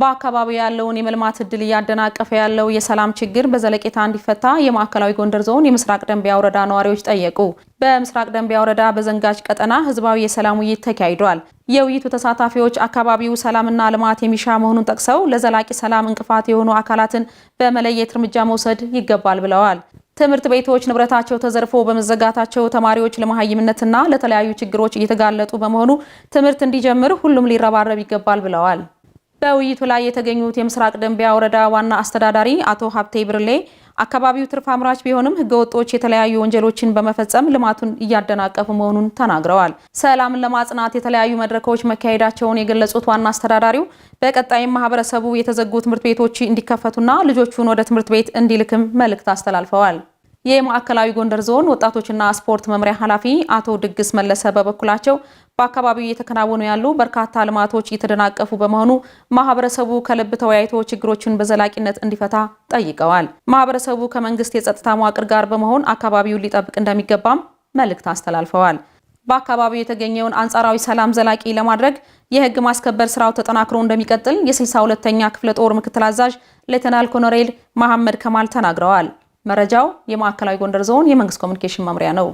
በአካባቢው ያለውን የመልማት እድል እያደናቀፈ ያለው የሰላም ችግር በዘለቄታ እንዲፈታ የማዕከላዊ ጎንደር ዞን የምስራቅ ደንቢያ ወረዳ ነዋሪዎች ጠየቁ። በምስራቅ ደንቢያ ወረዳ በዘንጋጅ ቀጠና ህዝባዊ የሰላም ውይይት ተካሂዷል። የውይይቱ ተሳታፊዎች አካባቢው ሰላምና ልማት የሚሻ መሆኑን ጠቅሰው ለዘላቂ ሰላም እንቅፋት የሆኑ አካላትን በመለየት እርምጃ መውሰድ ይገባል ብለዋል። ትምህርት ቤቶች ንብረታቸው ተዘርፎ በመዘጋታቸው ተማሪዎች ለመሀይምነትና ለተለያዩ ችግሮች እየተጋለጡ በመሆኑ ትምህርት እንዲጀምር ሁሉም ሊረባረብ ይገባል ብለዋል። በውይይቱ ላይ የተገኙት የምስራቅ ደንቢያ ወረዳ ዋና አስተዳዳሪ አቶ ሀብቴ ብርሌ አካባቢው ትርፍ አምራች ቢሆንም ህገወጦች የተለያዩ ወንጀሎችን በመፈጸም ልማቱን እያደናቀፉ መሆኑን ተናግረዋል። ሰላምን ለማጽናት የተለያዩ መድረኮች መካሄዳቸውን የገለጹት ዋና አስተዳዳሪው በቀጣይም ማህበረሰቡ የተዘጉ ትምህርት ቤቶች እንዲከፈቱና ልጆቹን ወደ ትምህርት ቤት እንዲልክም መልእክት አስተላልፈዋል። የማዕከላዊ ጎንደር ዞን ወጣቶችና ስፖርት መምሪያ ኃላፊ አቶ ድግስ መለሰ በበኩላቸው በአካባቢው እየተከናወኑ ያሉ በርካታ ልማቶች እየተደናቀፉ በመሆኑ ማህበረሰቡ ከልብ ተወያይቶ ችግሮችን በዘላቂነት እንዲፈታ ጠይቀዋል። ማህበረሰቡ ከመንግስት የጸጥታ መዋቅር ጋር በመሆን አካባቢውን ሊጠብቅ እንደሚገባም መልእክት አስተላልፈዋል። በአካባቢው የተገኘውን አንጻራዊ ሰላም ዘላቂ ለማድረግ የህግ ማስከበር ስራው ተጠናክሮ እንደሚቀጥል የ62ኛ ክፍለ ጦር ምክትል አዛዥ ሌተናል ኮሎኔል መሐመድ ከማል ተናግረዋል። መረጃው የማዕከላዊ ጎንደር ዞን የመንግስት ኮሚኒኬሽን መምሪያ ነው።